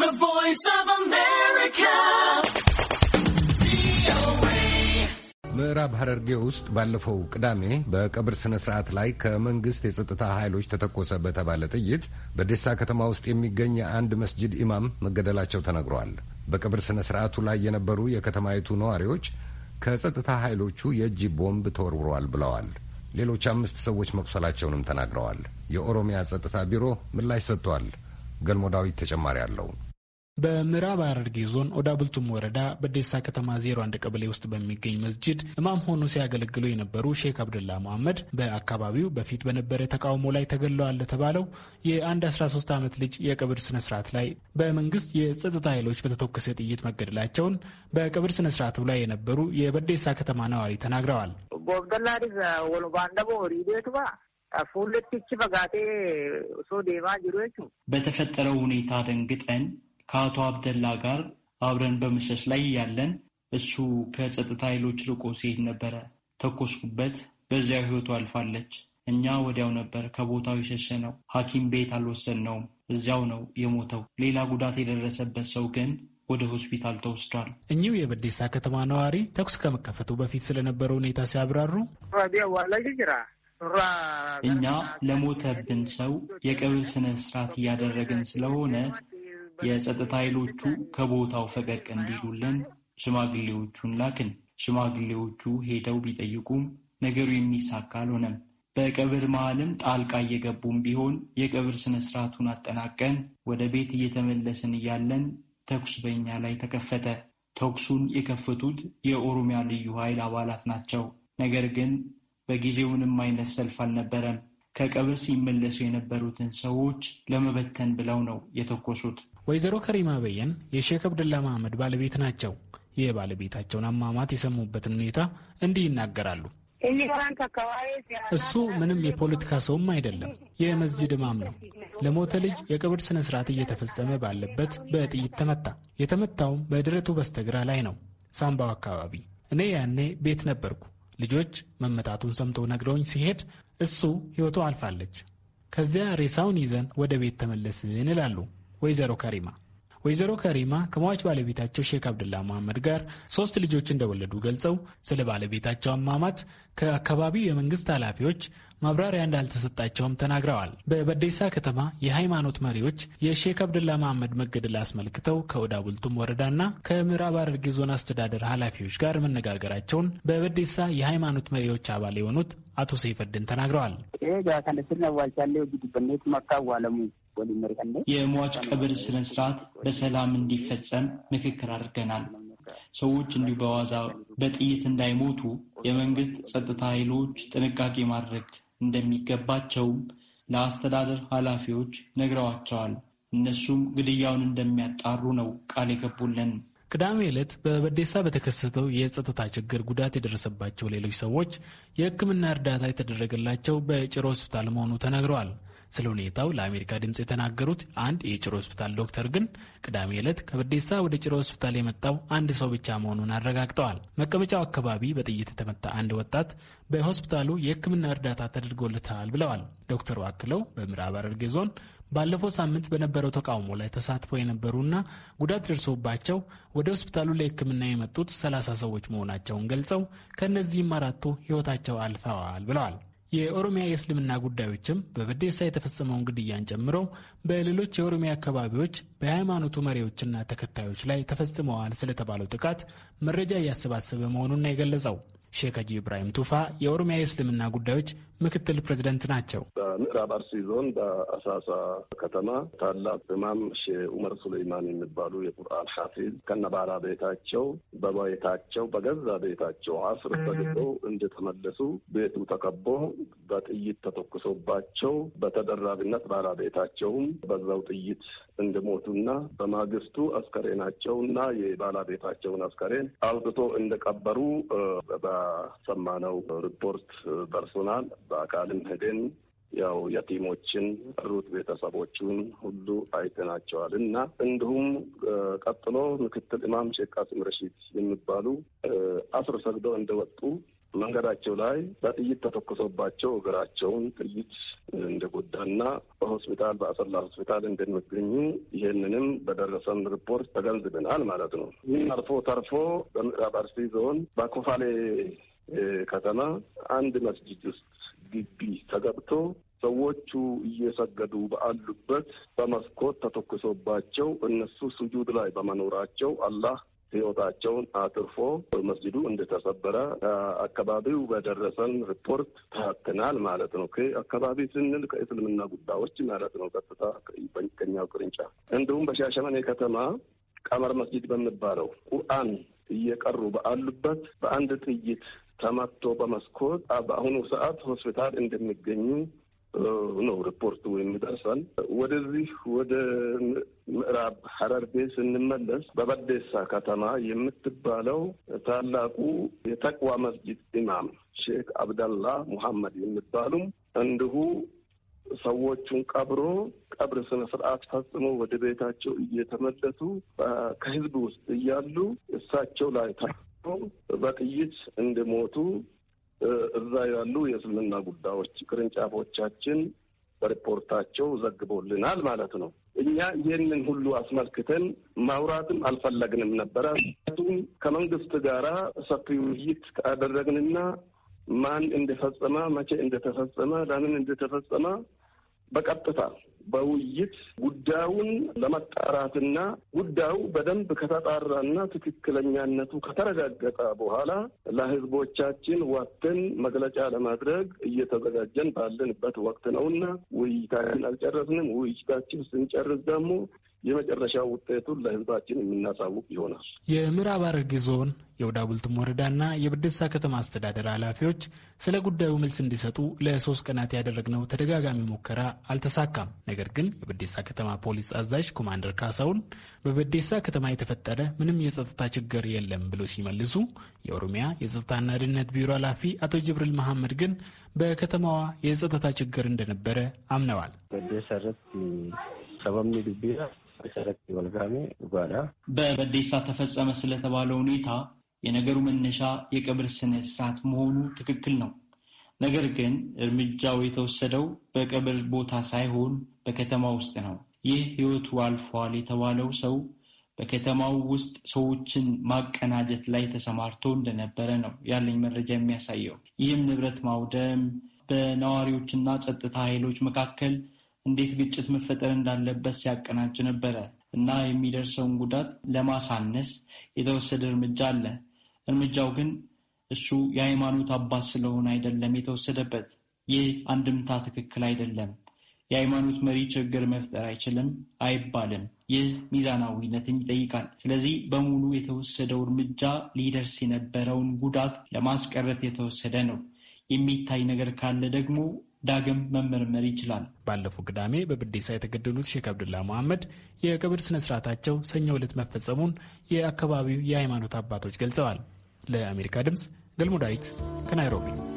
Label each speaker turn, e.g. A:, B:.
A: The Voice of America. ምዕራብ ሐረርጌ ውስጥ ባለፈው ቅዳሜ በቀብር ስነ ስርዓት ላይ ከመንግስት የጸጥታ ኃይሎች ተተኮሰ በተባለ ጥይት በዴሳ ከተማ ውስጥ የሚገኝ የአንድ መስጂድ ኢማም መገደላቸው ተነግሯል። በቀብር ስነ ስርዓቱ ላይ የነበሩ የከተማይቱ ነዋሪዎች ከጸጥታ ኃይሎቹ የእጅ ቦምብ ተወርውረዋል ብለዋል። ሌሎች አምስት ሰዎች መቁሰላቸውንም ተናግረዋል። የኦሮሚያ ጸጥታ ቢሮ ምላሽ ሰጥቷል። ገልሞ ዳዊት ተጨማሪ አለው።
B: በምዕራብ ሐረርጌ ዞን ወዳብልቱም ወረዳ በዴሳ ከተማ 01 ቀበሌ ውስጥ በሚገኝ መስጅድ እማም ሆኖ ሲያገለግሉ የነበሩ ሼክ አብደላ መሐመድ በአካባቢው በፊት በነበረ ተቃውሞ ላይ ተገለዋል ለተባለው የአንድ 13 ዓመት ልጅ የቅብር ስነስርዓት ላይ በመንግስት የጸጥታ ኃይሎች በተተኮሰ ጥይት መገደላቸውን በቅብር ስነስርዓቱ ላይ የነበሩ የበዴሳ ከተማ ነዋሪ ተናግረዋል።
C: fuulletti fagaatee ሶ ዴባ jiru በተፈጠረው ሁኔታ ደንግጠን ከአቶ አብደላ ጋር አብረን በመሸሽ ላይ ያለን እሱ ከጸጥታ ኃይሎች ርቆ ሲሄድ ነበረ። ተኮስኩበት። በዚያው ህይወቱ አልፋለች። እኛ ወዲያው ነበር ከቦታው የሸሸነው። ሐኪም ቤት አልወሰድነውም። እዚያው ነው የሞተው። ሌላ ጉዳት
B: የደረሰበት ሰው ግን
C: ወደ ሆስፒታል ተወስዷል።
B: እኚሁ የበዴሳ ከተማ ነዋሪ ተኩስ ከመከፈቱ በፊት ስለነበረው ሁኔታ ሲያብራሩ
C: እኛ ለሞተብን ሰው የቀብር ስነ ስርዓት እያደረግን ስለሆነ የጸጥታ ኃይሎቹ ከቦታው ፈቀቅ እንዲሉልን ሽማግሌዎቹን ላክን። ሽማግሌዎቹ ሄደው ቢጠይቁም ነገሩ የሚሳካ አልሆነም። በቀብር መሃልም ጣልቃ እየገቡም ቢሆን የቀብር ስነ ስርዓቱን አጠናቀን ወደ ቤት እየተመለስን እያለን ተኩስ በእኛ ላይ ተከፈተ። ተኩሱን የከፈቱት የኦሮሚያ ልዩ ኃይል አባላት ናቸው። ነገር ግን በጊዜው ምንም አይነት ሰልፍ አልነበረም።
B: ከቀብር ሲመለሱ የነበሩትን ሰዎች ለመበተን ብለው ነው የተኮሱት። ወይዘሮ ከሪማ በየን የሼክ አብደላ መሐመድ ባለቤት ናቸው። የባለቤታቸውን አሟሟት የሰሙበትን ሁኔታ እንዲህ ይናገራሉ። እሱ ምንም የፖለቲካ ሰውም አይደለም፣ የመስጅድ ማም ነው። ለሞተ ልጅ የቅብር ስነ ስርዓት እየተፈጸመ ባለበት በጥይት ተመታ። የተመታውም በድረቱ በስተግራ ላይ ነው፣ ሳምባው አካባቢ። እኔ ያኔ ቤት ነበርኩ። ልጆች መመታቱን ሰምቶ ነግረውኝ ሲሄድ እሱ ሕይወቱ አልፋለች። ከዚያ ሬሳውን ይዘን ወደ ቤት ተመለስን ይላሉ ወይዘሮ ከሪማ ወይዘሮ ከሪማ ከሟች ባለቤታቸው ሼክ አብዱላ መሐመድ ጋር ሶስት ልጆች እንደወለዱ ገልጸው ስለ ባለቤታቸው አሟሟት ከአካባቢው የመንግስት ኃላፊዎች ማብራሪያ እንዳልተሰጣቸውም ተናግረዋል። በበዴሳ ከተማ የሃይማኖት መሪዎች የሼክ አብዱላ መሐመድ መገደል አስመልክተው ከኦዳ ቡልቱም ወረዳና ከምዕራብ ሐረርጌ ዞን አስተዳደር ኃላፊዎች ጋር መነጋገራቸውን በበዴሳ የሃይማኖት መሪዎች አባል የሆኑት አቶ ሰይፈድን ተናግረዋል። ይሄ ጋር
C: ከነስና ዋልቻሌ ወጅ መካ ዋለሙ የሟች ቀብር ስነ ስርዓት በሰላም እንዲፈጸም ምክክር አድርገናል። ሰዎች እንዲሁ በዋዛ በጥይት እንዳይሞቱ የመንግስት ጸጥታ ኃይሎች ጥንቃቄ ማድረግ እንደሚገባቸውም ለአስተዳደር ኃላፊዎች ነግረዋቸዋል። እነሱም ግድያውን እንደሚያጣሩ ነው ቃል የገቡልን።
B: ቅዳሜ ዕለት በበዴሳ በተከሰተው የጸጥታ ችግር ጉዳት የደረሰባቸው ሌሎች ሰዎች የሕክምና እርዳታ የተደረገላቸው በጭሮ ሆስፒታል መሆኑ ተነግረዋል። ስለ ሁኔታው ለአሜሪካ ድምፅ የተናገሩት አንድ የጭሮ ሆስፒታል ዶክተር ግን ቅዳሜ ዕለት ከበዴሳ ወደ ጭሮ ሆስፒታል የመጣው አንድ ሰው ብቻ መሆኑን አረጋግጠዋል። መቀመጫው አካባቢ በጥይት የተመታ አንድ ወጣት በሆስፒታሉ የሕክምና እርዳታ ተደርጎለታል ብለዋል። ዶክተሩ አክለው በምዕራብ ሐረርጌ ዞን ባለፈው ሳምንት በነበረው ተቃውሞ ላይ ተሳትፈው የነበሩና ጉዳት ደርሶባቸው ወደ ሆስፒታሉ ለሕክምና የመጡት ሰላሳ ሰዎች መሆናቸውን ገልጸው ከእነዚህም አራቱ ሕይወታቸው አልፈዋል ብለዋል። የኦሮሚያ የእስልምና ጉዳዮችም በበዴሳ የተፈጸመውን ግድያን ጨምሮ በሌሎች የኦሮሚያ አካባቢዎች በሃይማኖቱ መሪዎችና ተከታዮች ላይ ተፈጽመዋል ስለተባለው ጥቃት መረጃ እያሰባሰበ መሆኑን ነው የገለጸው። ሼክ ሀጂ ኢብራሂም ቱፋ የኦሮሚያ የእስልምና ጉዳዮች ምክትል ፕሬዚደንት ናቸው።
A: በምዕራብ አርሲ ዞን በአሳሳ ከተማ ታላቅ ኢማም ሼህ ኡመር ሱሌይማን የሚባሉ የቁርአን ሐፊዝ ከነባላ ቤታቸው በቤታቸው በገዛ ቤታቸው አስር ተደርገው እንደተመለሱ ቤቱ ተከቦ በጥይት ተተኩሶባቸው በተደራቢነት ባላ ቤታቸውም በዛው ጥይት እንደሞቱና በማግስቱ አስከሬናቸውና የባላ ቤታቸውን አስከሬን አውጥቶ እንደቀበሩ ከሰማነው ሪፖርት ደርሶናል። በአካልም ሄደን ያው የቲሞችን ሩት ቤተሰቦቹን ሁሉ አይተናቸዋል እና እንዲሁም ቀጥሎ ምክትል ኢማም ሼክ ቃሲም ረሺድ የሚባሉ አስር ሰግደው እንደወጡ መንገዳቸው ላይ በጥይት ተተኩሶባቸው እግራቸውን ጥይት እንደጎዳና በሆስፒታል በአሰላ ሆስፒታል እንደሚገኙ ይህንንም በደረሰን ሪፖርት ተገንዝብናል ማለት ነው። ይህም አልፎ ተርፎ በምዕራብ አርሲ ዞን በኮፋሌ ከተማ አንድ መስጂድ ውስጥ ግቢ ተገብቶ ሰዎቹ እየሰገዱ ባሉበት በመስኮት ተተኩሶባቸው እነሱ ስጁድ ላይ በመኖራቸው አላህ ህይወታቸውን አትርፎ መስጅዱ እንደተሰበረ አካባቢው በደረሰን ሪፖርት ታትናል ማለት ነው። አካባቢ ስንል ከእስልምና ጉዳዮች ማለት ነው። ቀጥታ ከኛው ቅርንጫፍ እንዲሁም በሻሸመኔ ከተማ ቀመር መስጅድ በሚባለው ቁርአን እየቀሩ ባሉበት በአንድ ጥይት ተመቶ በመስኮት በአሁኑ ሰዓት ሆስፒታል እንደሚገኙ ነው ሪፖርቱ ይደርሳል። ወደዚህ ወደ ምዕራብ ሐረርቤ ስንመለስ በበዴሳ ከተማ የምትባለው ታላቁ የተቅዋ መስጂድ ኢማም ሼክ አብደላ ሙሐመድ የሚባሉም እንዲሁ ሰዎቹን ቀብሮ ቀብር ስነ ስርዓት ፈጽሞ ወደ ቤታቸው እየተመለሱ ከህዝብ ውስጥ እያሉ እሳቸው ላይ ታ በጥይት እንደሞቱ እዛ ያሉ የእስልምና ጉዳዮች ቅርንጫፎቻችን በሪፖርታቸው ዘግቦልናል ማለት ነው። እኛ ይህንን ሁሉ አስመልክተን ማውራትም አልፈለግንም ነበረ። ቱም ከመንግስት ጋር ሰፊ ውይይት ካደረግንና ማን እንደፈጸመ፣ መቼ እንደተፈጸመ፣ ለምን እንደተፈጸመ በቀጥታ በውይይት ጉዳዩን ለመጣራትና ጉዳዩ በደንብ ከተጣራና ትክክለኛነቱ ከተረጋገጠ በኋላ ለሕዝቦቻችን ወጥተን መግለጫ ለማድረግ እየተዘጋጀን ባለንበት ወቅት ነውና ውይይታችን አልጨረስንም። ውይይታችን ስንጨርስ ደግሞ የመጨረሻው ውጤቱን ለህዝባችን የምናሳውቅ ይሆናል።
B: የምዕራብ ሐረርጌ ዞን የወዳቡልትም ወረዳና የብደሳ ከተማ አስተዳደር ኃላፊዎች ስለ ጉዳዩ መልስ እንዲሰጡ ለሶስት ቀናት ያደረግነው ተደጋጋሚ ሙከራ አልተሳካም። ነገር ግን የብደሳ ከተማ ፖሊስ አዛዥ ኮማንደር ካሳውን በብደሳ ከተማ የተፈጠረ ምንም የጸጥታ ችግር የለም ብሎ ሲመልሱ የኦሮሚያ የጸጥታና ደህንነት ቢሮ ኃላፊ አቶ ጅብሪል መሐመድ ግን በከተማዋ የጸጥታ ችግር እንደነበረ አምነዋል።
C: በበዴሳ ተፈጸመ ስለተባለ ሁኔታ የነገሩ መነሻ የቀብር ስነ ስርዓት መሆኑ ትክክል ነው። ነገር ግን እርምጃው የተወሰደው በቀብር ቦታ ሳይሆን በከተማ ውስጥ ነው። ይህ ህይወቱ አልፏል የተባለው ሰው በከተማው ውስጥ ሰዎችን ማቀናጀት ላይ ተሰማርቶ እንደነበረ ነው ያለኝ መረጃ የሚያሳየው። ይህም ንብረት ማውደም በነዋሪዎችና ጸጥታ ኃይሎች መካከል እንዴት ግጭት መፈጠር እንዳለበት ሲያቀናጅ ነበረ እና የሚደርሰውን ጉዳት ለማሳነስ የተወሰደ እርምጃ አለ። እርምጃው ግን እሱ የሃይማኖት አባት ስለሆነ አይደለም የተወሰደበት። ይህ አንድምታ ትክክል አይደለም። የሃይማኖት መሪ ችግር መፍጠር አይችልም አይባልም። ይህ ሚዛናዊነትን ይጠይቃል። ስለዚህ በሙሉ የተወሰደው እርምጃ ሊደርስ የነበረውን ጉዳት
B: ለማስቀረት የተወሰደ ነው። የሚታይ ነገር ካለ ደግሞ ዳግም መመርመር ይችላል። ባለፈው ቅዳሜ በብዴሳ የተገደሉት ሼክ አብዱላ መሐመድ የቀብር ስነ ስርዓታቸው ሰኞ ዕለት መፈጸሙን የአካባቢው የሃይማኖት አባቶች ገልጸዋል። ለአሜሪካ ድምፅ ገልሞ ዳዊት ከናይሮቢ